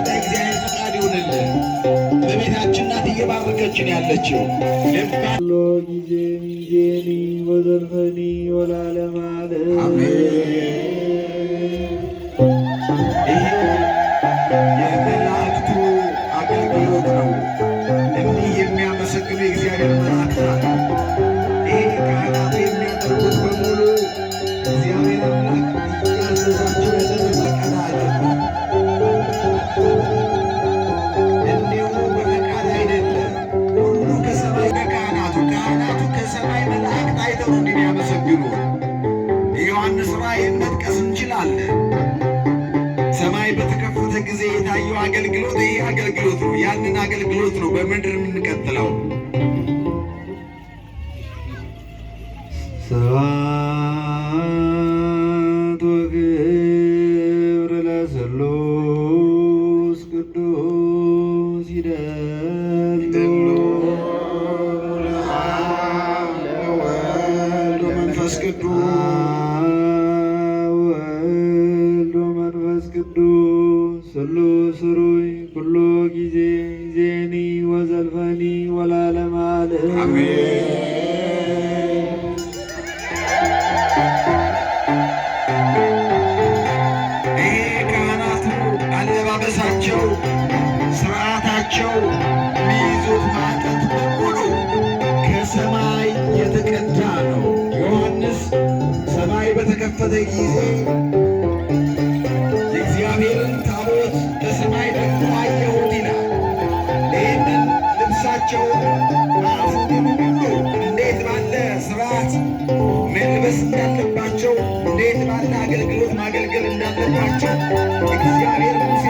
የጌታ እግዚአብሔር ፈቃድ ይሆንልን። በቤታችን ናት እየባረከችን ያለችው ሎ ጊዜ ሚዜኒ ወዘርፈኒ ወላለማ ይህ የመላእክቱ አገልግሎት ነው። እንዲህ የሚያመሰግኑ የእግዚአብሔር መላእክት የታየው አገልግሎት ይህ አገልግሎት ነው። ያንን አገልግሎት ነው በምድር የምንቀጥለው። ስብሐት ወክብር ቅዱስ ይደሉ ቅዱስ ዘበኒ ወላለም አልህ ካህናቱ አለባበሳቸው፣ ስርዓታቸው ከሰማይ ነው። ሰማይ በተከፈተ ጊዜ ናቸው። እንዴት ባለ ስርዓት መልበስ እንዳለባቸው፣ እንዴት ባለ አገልግሎት ማገልገል እንዳለባቸው እግዚአብሔር ሙሴ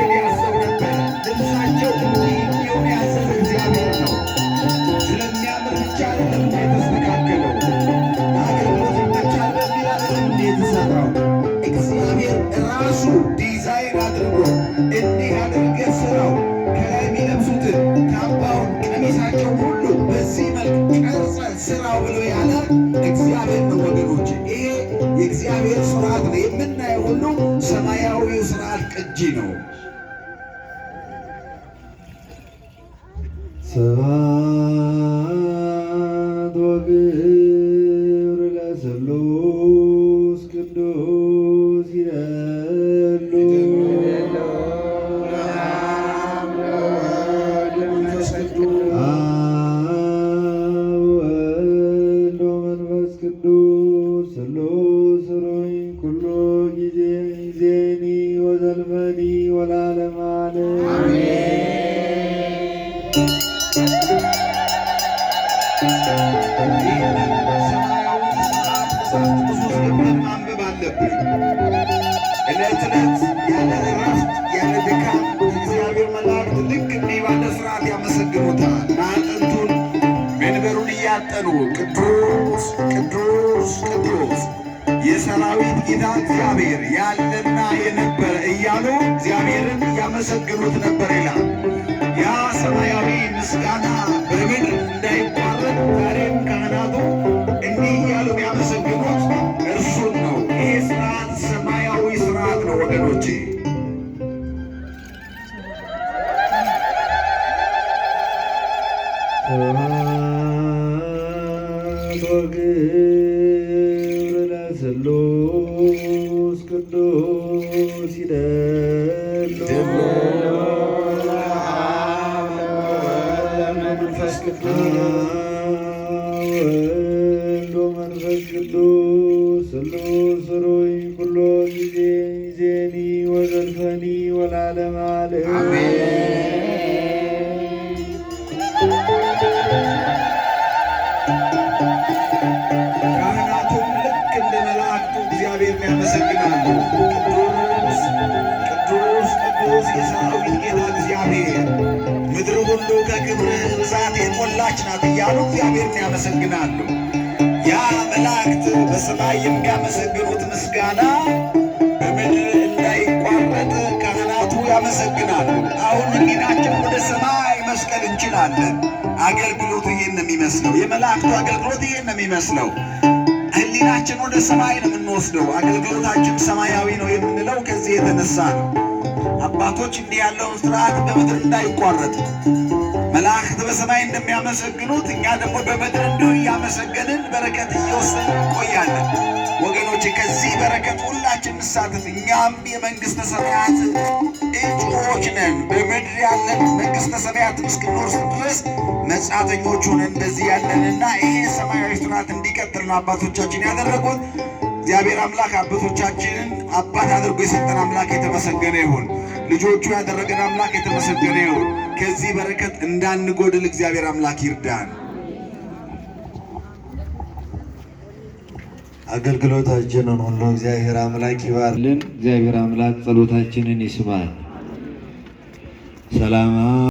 ስርዓት ነው። የምናየው ሁሉ ሰማያዊው ስርዓት ቅጂ ነው። ቅዱስ ይደሉ ቅዱስ ለዘላለም ማንበብ አለብን። እለት እለት ያለ ያለ ድካም እግዚአብሔር መላእክት ያመሰግኑታል። ማዕጠንቱን መንበሩን እያጠኑ ቅዱስ ቅዱስ ቅዱስ የሰራዊት ጌታ እግዚአብሔር ያለና የነበረ እያሉ እግዚአብሔርን ያመሰግኑት ነበር ይላል። ያ ሰማያዊ ምስጋና በምድር እንዳይቋረጥ ዛሬም ቅዱስ ቅዱስ ይደሉ ለመንፈስ ቅዱስ የሰራዊት ጌታ እግዚአብሔር ምድር ሁሉ ከክብር ብዛት የሞላች ናት እያሉ እግዚአብሔርን ያመሰግናሉ። ያ መላእክት በሰማይ የሚያመሰግኑት ምስጋና በምድር እንዳይቋረጥ ካህናቱ ያመሰግናሉ። አሁን እንግዳቸው ወደ ሰማይ መስቀል እንችላለን። አገልግሎቱ ይህን ነው የሚመስለው። የመላእክቱ አገልግሎት ይህን ነው የሚመስለው። ህሊናችን ወደ ሰማይ ነው የምንወስደው። አገልግሎታችን ሰማያዊ ነው የምንለው ከዚህ የተነሳ ነው። አባቶች እንዲህ ያለውን ስርዓት በምድር እንዳይቋረጥ መላእክት በሰማይ እንደሚያመሰግኑት እኛ ደግሞ በምድር እንዲሁ እያመሰገንን በረከት እየወሰን እንቆያለን። ወገኖች ከዚህ በረከት ሁላችን እንሳተፍ። እኛም የመንግሥተ ሰማያት እጩዎች ነን። በምድር ያለን መንግሥተ ሰማያት እስክንወርስ ድረስ መጻተኞቹን እንደዚህ ያለንና ይሄ ሰማያዊ ስርዓት እንዲቀጥል ነው አባቶቻችን ያደረጉት። እግዚአብሔር አምላክ አባቶቻችንን አባት አድርጎ የሰጠን አምላክ የተመሰገነ ይሁን። ልጆቹ ያደረገን አምላክ የተመሰገነ ይሁን። ከዚህ በረከት እንዳንጎድል እግዚአብሔር አምላክ ይርዳን። አገልግሎታችንን ሁሉ እግዚአብሔር አምላክ ይባርልን። እግዚአብሔር አምላክ ጸሎታችንን ይስማል። ሰላም